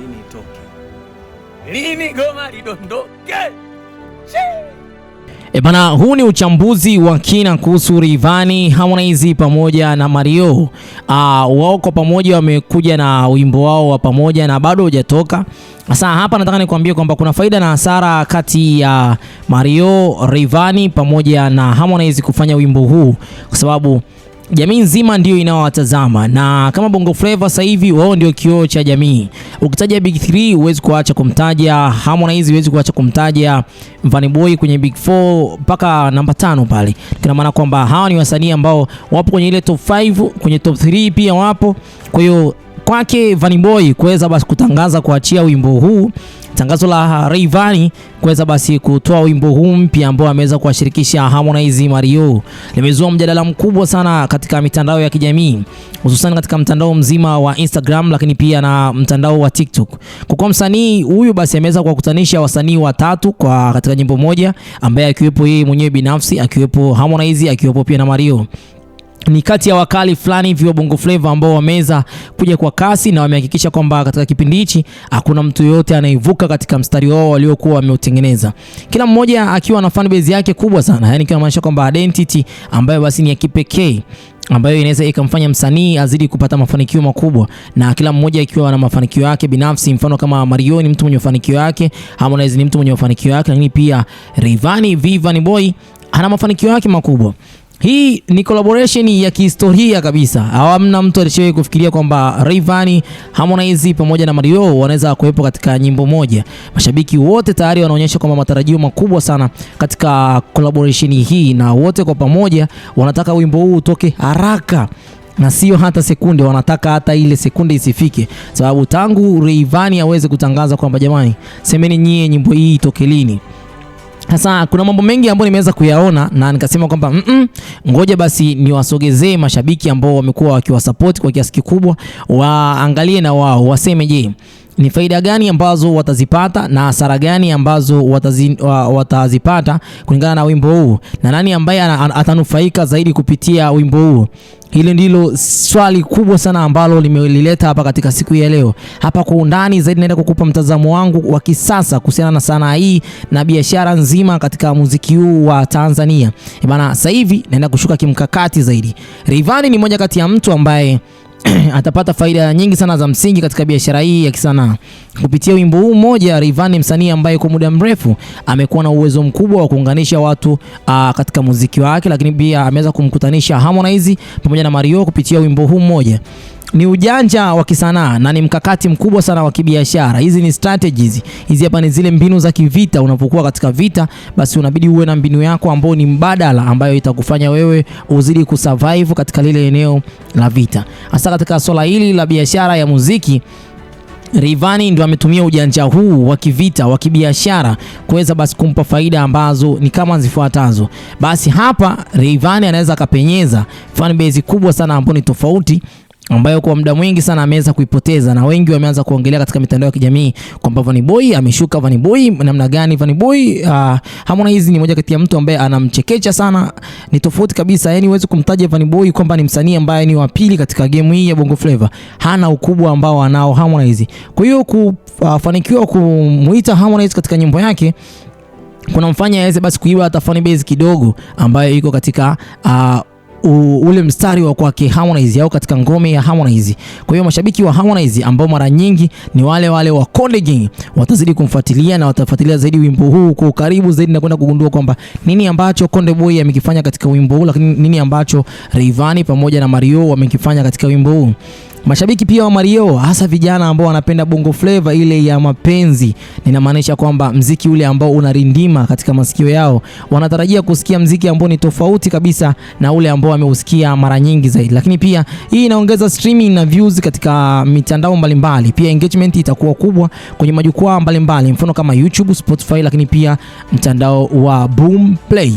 lini itoke, lini goma lidondoke. E bana, huu ni uchambuzi wa kina kuhusu Rayvanny, Harmonize pamoja na Mario. Uh, wao kwa pamoja wamekuja na wimbo wao wa pamoja na bado hujatoka. Sasa hapa nataka nikwambie kwamba kuna faida na hasara kati ya Mario, Rayvanny pamoja na Harmonize kufanya wimbo huu kwa sababu jamii nzima ndio inawatazama, na kama Bongo Flava sasa hivi wao ndio kioo cha jamii. Ukitaja Big 3 huwezi kuacha kumtaja Harmonize, huwezi kuacha kumtaja Mvani Boy kwenye Big 4 mpaka namba tano pale. Kina maana kwamba hawa ni wasanii ambao wapo kwenye ile top 5, kwenye top 3 pia wapo. Kwa hiyo kwake Vanny Boy kuweza basi kutangaza kuachia wimbo huu Tangazo la Rayvanny kuweza basi kutoa wimbo huu mpya ambao ameweza kuwashirikisha Harmonize Mario limezua mjadala mkubwa sana katika mitandao ya kijamii hususan katika mtandao mzima wa Instagram, lakini pia na mtandao wa TikTok. Kwa kuwa msanii huyu basi ameweza kuwakutanisha wasanii watatu kwa katika nyimbo moja, ambaye akiwepo yeye mwenyewe binafsi, akiwepo Harmonize, akiwepo pia na Mario ni kati ya wakali fulani hivi wa Bongo Flava ambao wameweza kuja kwa kasi na wamehakikisha kwamba katika kipindi hichi hakuna mtu yoyote anaivuka katika mstari wao waliokuwa wameutengeneza, kila mmoja akiwa na fan base yake kubwa sana, yani maana kwamba identity ambayo basi ni ya kipekee ambayo inaweza ikamfanya msanii azidi kupata mafanikio makubwa, na kila mmoja ikiwa na mafanikio yake binafsi. Mfano kama Mario ni mtu mwenye mafanikio yake, Harmonize ni mtu mwenye mafanikio yake, lakini pia Rayvanny Vivian Boy ana mafanikio yake makubwa. Hii ni collaboration ya kihistoria kabisa. Hawamna mtu alishawahi kufikiria kwamba Rayvanny, Harmonize pamoja na Mario wanaweza kuwepo katika nyimbo moja. Mashabiki wote tayari wanaonyesha kwamba matarajio makubwa sana katika collaboration hii, na wote kwa pamoja wanataka wimbo huu utoke haraka na sio hata sekunde, wanataka hata ile sekunde isifike, sababu tangu Rayvanny aweze kutangaza kwamba jamani, semeni nyie nyimbo hii itoke lini sasa kuna mambo mengi ambayo nimeweza kuyaona na nikasema kwamba mm -mm, ngoja basi niwasogezee mashabiki ambao wamekuwa wakiwasapoti kwa kiasi kikubwa, waangalie na wao waseme, je, ni faida gani ambazo watazipata na hasara gani ambazo watazi, watazipata kulingana na wimbo huu na nani ambaye atanufaika zaidi kupitia wimbo huu. Hili ndilo swali kubwa sana ambalo limelileta hapa katika siku ya leo. Hapa kwa undani zaidi, naenda kukupa mtazamo wangu wa kisasa kuhusiana na sanaa hii na biashara nzima katika muziki huu wa Tanzania. E bana, sasa hivi naenda kushuka kimkakati zaidi. Rayvanny ni moja kati ya mtu ambaye atapata faida nyingi sana za msingi katika biashara hii ya kisanaa. Kupitia wimbo huu mmoja, Rayvanny msanii ambaye kwa muda mrefu amekuwa na uwezo mkubwa wa kuunganisha watu aa, katika muziki wake, lakini pia ameweza kumkutanisha Harmonize pamoja na Mario kupitia wimbo huu mmoja ni ujanja wa kisanaa na ni mkakati mkubwa sana wa kibiashara. Hizi ni strategies, hizi hapa ni zile mbinu za kivita. Unapokuwa katika vita, basi unabidi uwe na mbinu yako ambayo ni mbadala, ambayo itakufanya wewe uzidi kusurvive katika lile eneo la vita, hasa katika swala hili la biashara ya muziki. Rayvanny ndo ametumia ujanja huu wa kivita wa kibiashara kuweza basi kumpa faida ambazo ni kama zifuatazo. Basi hapa Rayvanny anaweza akapenyeza fan kubwa sana ambayo ni tofauti ambayo kwa muda mwingi sana ameweza kuipoteza na wengi wameanza kuongelea katika mitandao ya kijamii kwamba Vanny Boy ameshuka, Vanny Boy namna gani? Vanny Boy uh, Harmonize ni moja kati ya mtu ambaye anamchekecha sana, ni tofauti kabisa. Yani huwezi kumtaja Vanny Boy kwamba ni msanii ambaye ni wa pili katika game hii ya Bongo Flava, hana ukubwa ambao anao Harmonize. Kwa hiyo kufanikiwa ah, uh, kumuita Harmonize katika nyimbo yake kuna mfanya aweze basi kuiba hata fan base kidogo ambayo iko katika uh, ule mstari wa kwake Harmonize au katika ngome ya Harmonize. Kwa hiyo mashabiki wa Harmonize ambao mara nyingi ni wale wale wa Konde Gang watazidi kumfuatilia na watafuatilia zaidi wimbo huu kwa ukaribu zaidi na kwenda kugundua kwamba nini ambacho Konde Boy amekifanya katika wimbo huu, lakini nini ambacho Rayvanny pamoja na Mario wamekifanya katika wimbo huu. Mashabiki pia wa Mario hasa vijana ambao wanapenda bongo flavor ile ya mapenzi, ninamaanisha kwamba mziki ule ambao unarindima katika masikio yao, wanatarajia kusikia mziki ambao ni tofauti kabisa na ule ambao wameusikia mara nyingi zaidi. Lakini pia hii inaongeza streaming na views katika mitandao mbalimbali, pia engagement itakuwa kubwa kwenye majukwaa mbalimbali, mfano kama YouTube, Spotify, lakini pia mtandao wa Boomplay.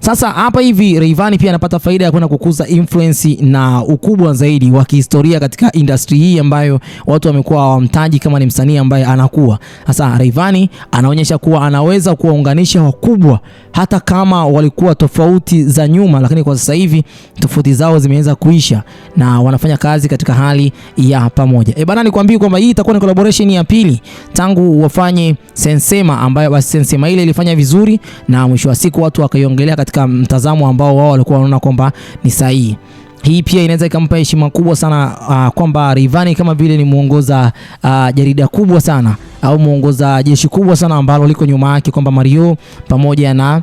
Sasa hapa hivi Rayvanny pia anapata faida ya kwenda kukuza influence na ukubwa zaidi wa kihistoria katika industry hii ambayo watu wamekuwa hawamtaji kama ni msanii ambaye anakuwa. Sasa Rayvanny anaonyesha kuwa anaweza kuwaunganisha wakubwa hata kama walikuwa tofauti za nyuma, lakini kwa sasa hivi tofauti zao zimeanza kuisha na wanafanya kazi katika hali ya pamoja. E bana, nikwambie kwamba hii itakuwa ni collaboration ya pili tangu wafanye Sensema, ambayo basi Sensema ile ilifanya vizuri na mwisho wa siku watu wakaiongelea katika mtazamo ambao wao walikuwa wanaona kwamba ni sahihi. Hii pia inaweza ikampa heshima kubwa sana uh, kwamba Rivani kama vile ni muongoza uh, ah, jarida kubwa sana au muongoza jeshi kubwa sana ambalo liko nyuma yake kwamba Mario pamoja na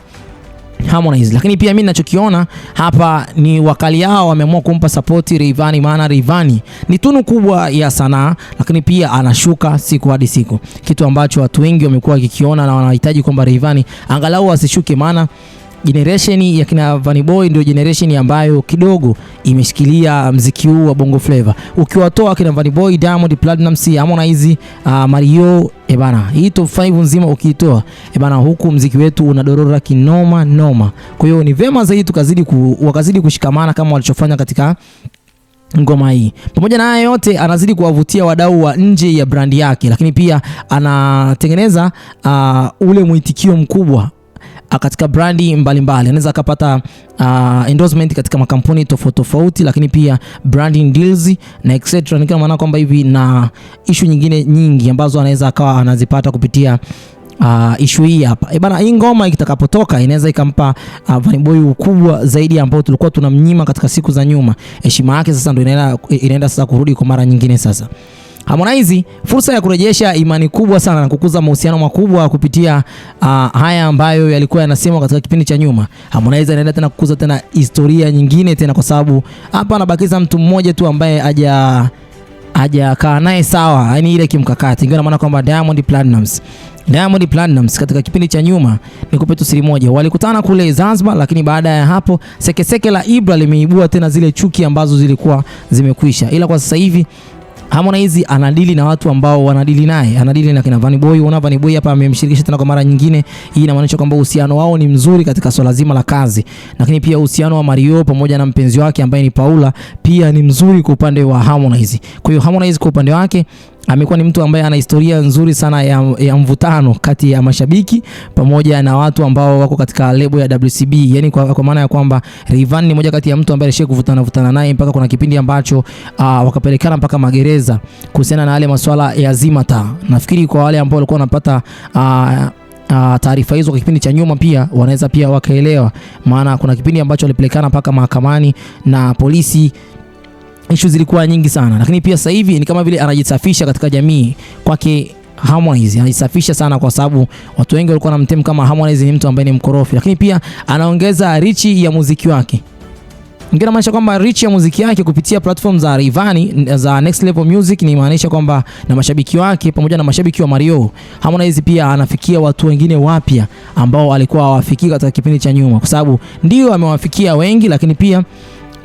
Harmonize. Lakini pia mimi ninachokiona hapa ni wakali yao wameamua kumpa support Rayvanny, maana Rayvanny ni tunu kubwa ya sanaa, lakini pia anashuka siku hadi siku, kitu ambacho watu wengi wamekuwa wakikiona na wanahitaji kwamba Rayvanny angalau asishuke, maana generation ya kina Vanny Boy ndio generation ambayo kidogo imeshikilia mziki huu wa Bongo Flava. Ukiwatoa kina Vanny Boy, Diamond Platnumz, Harmonize, uh, Mario E bana, hii top 5 nzima ukiitoa e bana, huku mziki wetu unadorora kinoma noma. Kwa hiyo ni vema zaidi tukazidi ku, wakazidi kushikamana kama walichofanya katika ngoma hii. Pamoja na haya yote, anazidi kuwavutia wadau wa nje ya brandi yake, lakini pia anatengeneza uh, ule mwitikio mkubwa katika brandi mbalimbali, anaweza akapata uh, endorsement katika makampuni tofauti tofauti, lakini pia branding deals na etc. Ni kwa maana kwamba hivi na issue nyingine nyingi ambazo anaweza akawa anazipata kupitia Uh, ah, ishu hii hapa. E bana, hii ngoma itakapotoka inaweza ikampa uh, ah, Vanboy ukubwa zaidi ambao tulikuwa tunamnyima katika siku za nyuma. Heshima yake sasa ndio inaenda inaenda sasa kurudi kwa mara nyingine sasa. Harmonize fursa ya kurejesha imani kubwa sana na kukuza mahusiano makubwa kupitia uh, haya ambayo yalikuwa yanasemwa katika kipindi cha nyuma. Harmonize anaenda tena kukuza tena historia nyingine tena, kwa sababu hapa anabakiza mtu mmoja tu ambaye aja hajakaa naye sawa, yani ile kimkakati, ingawa maana kwamba Diamond Platnumz Diamond Platnumz katika kipindi cha nyuma, nikupe tu siri moja, walikutana kule Zanzibar, lakini baada ya hapo sekeseke seke la Ibra limeibua tena zile chuki ambazo zilikuwa zimekwisha, ila kwa sasa hivi Harmonize anadili na watu ambao wanadili naye, anadili na kina Vanny Boy. Unaona Vanny Boy hapa amemshirikisha tena kwa mara nyingine. Hii inamaanisha kwamba uhusiano wao ni mzuri katika swala zima la kazi, lakini pia uhusiano wa Mario pamoja na mpenzi wake ambaye ni Paula pia ni mzuri kwa upande wa Harmonize. Kwa hiyo Harmonize kwa upande wake amekuwa ni mtu ambaye ana historia nzuri sana ya, ya mvutano kati ya mashabiki pamoja na watu ambao wako katika lebo ya WCB, yani kwa, kwa maana ya kwamba Rayvanny ni moja kati ya mtu ambaye alishia kuvutana vutana naye mpaka kuna kipindi ambacho uh, wakapelekana mpaka magereza kuhusiana na yale masuala ya Zimata. Nafikiri kwa wale ambao walikuwa wanapata uh, Uh, taarifa hizo kwa kipindi cha nyuma pia wanaweza pia wakaelewa, maana kuna kipindi ambacho walipelekana mpaka mahakamani na polisi issue zilikuwa nyingi sana, lakini pia sasa hivi ni kama vile anajisafisha katika jamii kwake Harmonize anajisafisha sana kwa sababu watu wengi walikuwa wanamtem kama Harmonize ni mtu ambaye ni mkorofi, lakini pia anaongeza richi ya muziki wake. Ngine maanisha kwamba richi ya muziki yake kupitia platform za Rayvanny za Next Level Music, ni maanisha kwamba na mashabiki wake pamoja na mashabiki wa Mario Harmonize pia anafikia watu wengine wapya ambao alikuwa hawafikii katika kipindi cha nyuma, kwa sababu ndio amewafikia wengi, lakini pia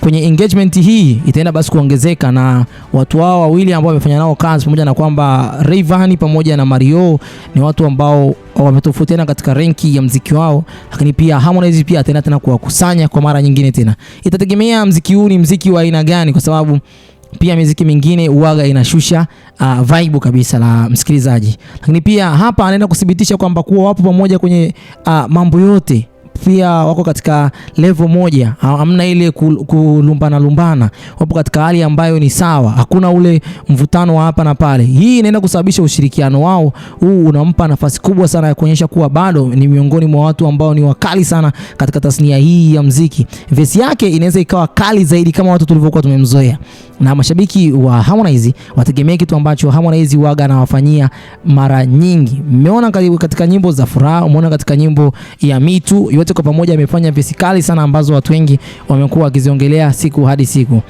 kwenye engagement hii itaenda basi kuongezeka, na watu hao wawili ambao wamefanya nao kazi, pamoja na kwamba Rayvanny pamoja na Mario ni watu ambao wametofautiana katika renki ya mziki wao, lakini pia Harmonize pia ataenda tena kuwakusanya kwa mara nyingine tena. Itategemea mziki huu ni mziki wa aina gani, kwa sababu pia miziki mingine uwaga inashusha uh, vibe kabisa la msikilizaji, lakini pia hapa anaenda kuthibitisha kwamba kuwa wapo pamoja kwenye uh, mambo yote pia wako katika level moja, hamna ile kulumbana lumbana, wapo katika hali ambayo ni sawa, hakuna ule mvutano wa hapa na pale. Hii inaenda kusababisha ushirikiano wao huu unampa nafasi kubwa sana ya kuonyesha kuwa bado ni miongoni mwa watu ambao ni wakali sana katika tasnia hii ya mziki. Vesi yake inaweza ikawa kali zaidi kama watu tulivyokuwa tumemzoea na mashabiki wa Harmonize wategemea kitu ambacho Harmonize waga anawafanyia mara nyingi. Mmeona katika nyimbo za furaha, umeona katika nyimbo ya mitu yote kwa pamoja, amefanya vesi kali sana ambazo watu wengi wamekuwa wakiziongelea siku hadi siku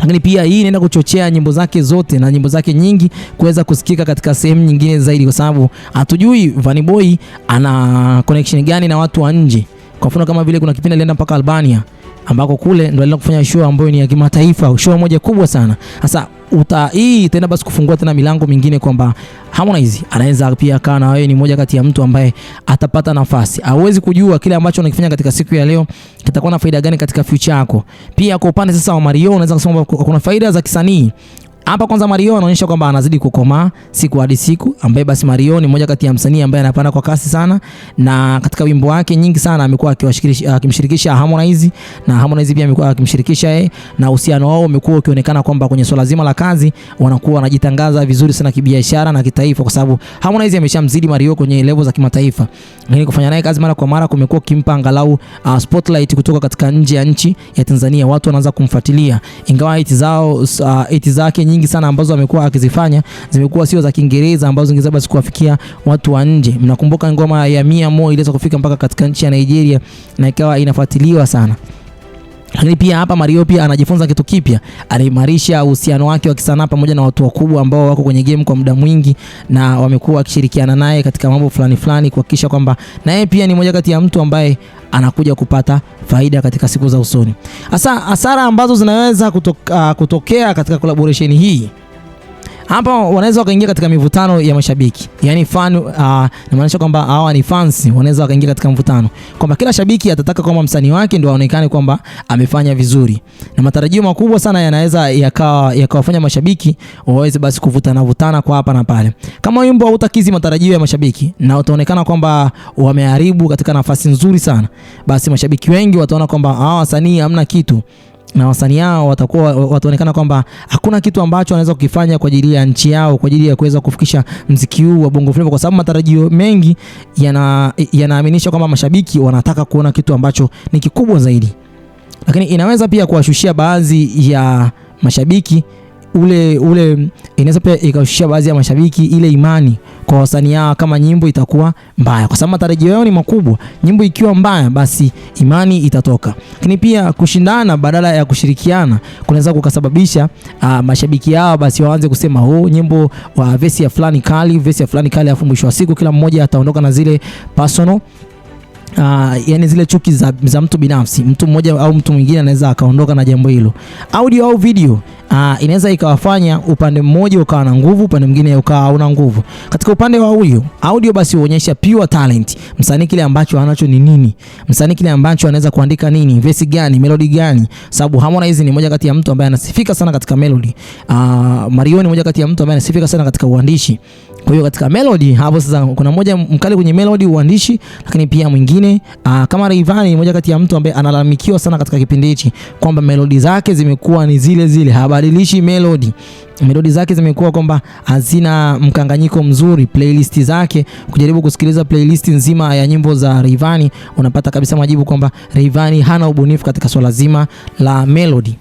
lakini pia hii inaenda kuchochea nyimbo zake zote na nyimbo zake nyingi kuweza kusikika katika sehemu nyingine zaidi, kwa sababu hatujui Vanny Boy ana connection gani na watu wa nje. Kwa mfano kama vile kuna kipindi alienda mpaka Albania ambako kule ndo alienda kufanya show ambayo ni ya kimataifa, show moja kubwa sana. Sasa uta hii itaenda basi kufungua tena milango mingine kwamba Harmonize anaweza pia kaa na wewe, ni moja kati ya mtu ambaye atapata nafasi. Hauwezi kujua kile ambacho unakifanya katika siku ya leo kitakuwa na faida gani katika future yako. Pia kwa upande sasa wa Marioo, unaweza kusema kuna faida za kisanii hapa kwanza Marioo anaonyesha kwamba anazidi kukomaa siku hadi siku, ambaye basi Marioo ni mmoja kati ya msanii ambaye anapanda kwa kasi sana, na katika wimbo wake nyingi sana amekuwa akimshirikisha Harmonize na Harmonize pia amekuwa akimshirikisha yeye, na uhusiano wao umekuwa ukionekana kwamba kwenye swala zima la kazi wanakuwa wanajitangaza vizuri sana kibiashara na kitaifa, kwa sababu Harmonize ameshamzidi Marioo kwenye level za kimataifa, lakini kufanya naye kazi mara kwa mara kumekuwa kimpa angalau uh, spotlight kutoka katika nje ya nchi ya Tanzania, watu wanaanza kumfuatilia, ingawa hiti zao uh, hiti zake nyingi sana ambazo amekuwa akizifanya zimekuwa sio za Kiingereza ambazo zingeza basi kuwafikia watu wa nje. Mnakumbuka ngoma ya Mia Mo iliweza kufika mpaka katika nchi ya Nigeria na ikawa inafuatiliwa sana. Lakini pia hapa Mario pia anajifunza kitu kipya, anaimarisha uhusiano wake wa kisanaa pamoja na watu wakubwa ambao wako kwenye game kwa muda mwingi na wamekuwa wakishirikiana naye katika mambo fulani fulani, kuhakikisha kwamba naye pia ni moja kati ya mtu ambaye anakuja kupata faida katika siku za usoni. Hasa hasara ambazo zinaweza kutoka, kutokea katika collaboration hii hapa wanaweza wakaingia katika mivutano ya mashabiki, yani fan uh, namaanisha kwamba hawa ni fans, wanaweza wakaingia katika mvutano kwamba kila shabiki atataka kwamba msanii wake ndio aonekane kwamba amefanya vizuri, na matarajio makubwa sana yanaweza yakawa yakawafanya mashabiki waweze basi kuvutana vutana kwa hapa na pale. Kama wimbo hautakizi matarajio ya mashabiki na utaonekana kwamba wameharibu katika nafasi nzuri sana, basi mashabiki wengi wataona kwamba hawa wasanii hamna kitu na wasanii hao watakuwa wataonekana kwamba hakuna kitu ambacho wanaweza kukifanya kwa ajili ya nchi yao kwa ajili ya kuweza kufikisha mziki huu wa Bongo Flava, kwa sababu matarajio mengi yanaaminisha yana kwamba mashabiki wanataka kuona kitu ambacho ni kikubwa zaidi, lakini inaweza pia kuwashushia baadhi ya mashabiki ule ule inaweza pia ikashushia baadhi ya mashabiki ile imani kwa wasanii hawa, kama nyimbo itakuwa mbaya, kwa sababu matarajio yao ni makubwa. Nyimbo ikiwa mbaya, basi imani itatoka. Lakini pia kushindana badala ya kushirikiana kunaweza kukasababisha uh, mashabiki hawa basi waanze kusema oh, nyimbo wa ah, vesi ya fulani kali, vesi ya fulani kali, afu mwisho wa siku kila mmoja ataondoka na zile personal uh, yani zile chuki za, za mtu binafsi, mtu mmoja au mtu mwingine anaweza akaondoka na jambo hilo. Audio au video uh, inaweza ikawafanya upande mmoja ukawa na nguvu, upande mwingine ukawa hauna nguvu. Katika upande wa huyo audio basi huonyesha pure talent. Msanii kile ambacho anacho ni nini? Msanii kile ambacho anaweza kuandika nini? Verse gani? Melody gani? Sababu Harmonize ni moja kati ya mtu ambaye anasifika sana katika melody. Uh, ah, Marioo ni moja kati ya mtu ambaye anasifika sana katika uandishi. Kwa hiyo katika melody hapo sasa kuna mmoja mkali kwenye melody uandishi, lakini pia mwingine aa, ah, kama Rayvanny ni kati ya mtu ambaye analalamikiwa sana katika kipindi hichi kwamba melody zake zimekuwa ni zile zile, habadilishi melody. Melody zake zimekuwa kwamba hazina mkanganyiko mzuri. Playlist zake, kujaribu kusikiliza playlist nzima ya nyimbo za Rayvanny, unapata kabisa majibu kwamba Rayvanny hana ubunifu katika swala zima la melody.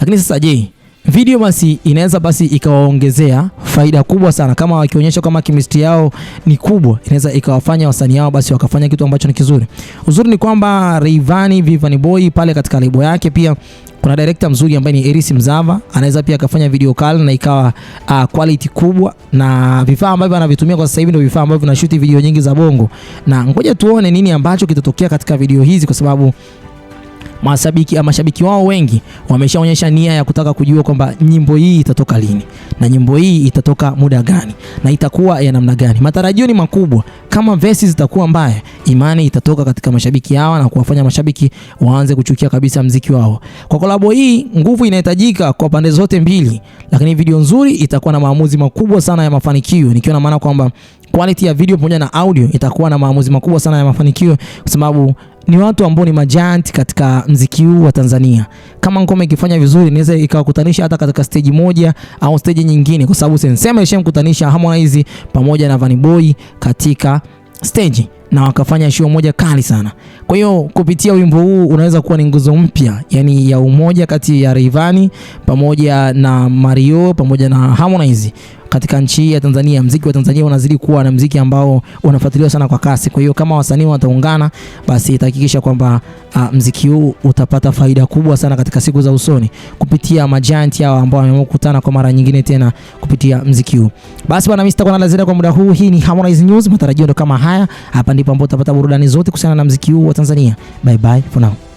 Lakini sasa je, video basi inaweza basi ikawaongezea faida kubwa sana, kama wakionyesha kama chemistry yao ni kubwa, inaweza ikawafanya wasanii wao basi wakafanya kitu ambacho ni kizuri. Uzuri ni kwamba Rayvanny Vivani Boy pale katika lebo yake pia kuna director mzuri ambaye ni Eris Mzava, anaweza pia akafanya video kali na ikawa uh, quality kubwa, na vifaa ambavyo anavitumia kwa sasa hivi ndio vifaa ambavyo vinashuti video nyingi za bongo, na ngoja tuone nini ambacho kitatokea katika video hizi kwa sababu mashabiki ah, mashabiki wao wengi wameshaonyesha nia ya kutaka kujua kwamba nyimbo hii itatoka lini na nyimbo hii itatoka muda gani na itakuwa ya namna gani. Matarajio ni makubwa. Kama vesi zitakuwa mbaya, imani itatoka katika mashabiki hawa na kuwafanya mashabiki waanze kuchukia kabisa mziki wao. Kwa kolabo hii, nguvu inahitajika kwa pande zote mbili, lakini video nzuri itakuwa na maamuzi makubwa sana ya mafanikio, nikiwa na maana kwamba quality ya video pamoja na audio itakuwa na maamuzi makubwa sana ya mafanikio kwa sababu ni watu ambao ni majanti katika mziki huu wa Tanzania. Kama ngoma ikifanya vizuri, inaweza ikawakutanisha hata katika stage moja au stage nyingine, kwa sababu Sensema ilishamkutanisha Harmonize pamoja na Vanny Boy katika stage na wakafanya show moja kali sana. Kwa hiyo kupitia wimbo huu unaweza kuwa ni nguzo mpya yani ya umoja kati ya Rayvanny pamoja na Mario pamoja na Harmonize katika nchi ya Tanzania. Mziki wa Tanzania unazidi kuwa na mziki ambao unafuatiliwa sana kwa kasi. Kwa hiyo kama wasanii wataungana, basi itahakikisha kwamba uh, mziki huu utapata faida kubwa sana katika siku za usoni kupitia majanti hao ambao wameamua kukutana kwa mara nyingine tena kupitia mziki huu. Basi bwana, mimi sitakuwa na la ziada kwa muda huu. Hii ni Harmonize News, matarajio ndo kama haya. Hapa ndipo ambapo utapata burudani zote kuhusiana na mziki huu. Tanzania. Bye bye for now.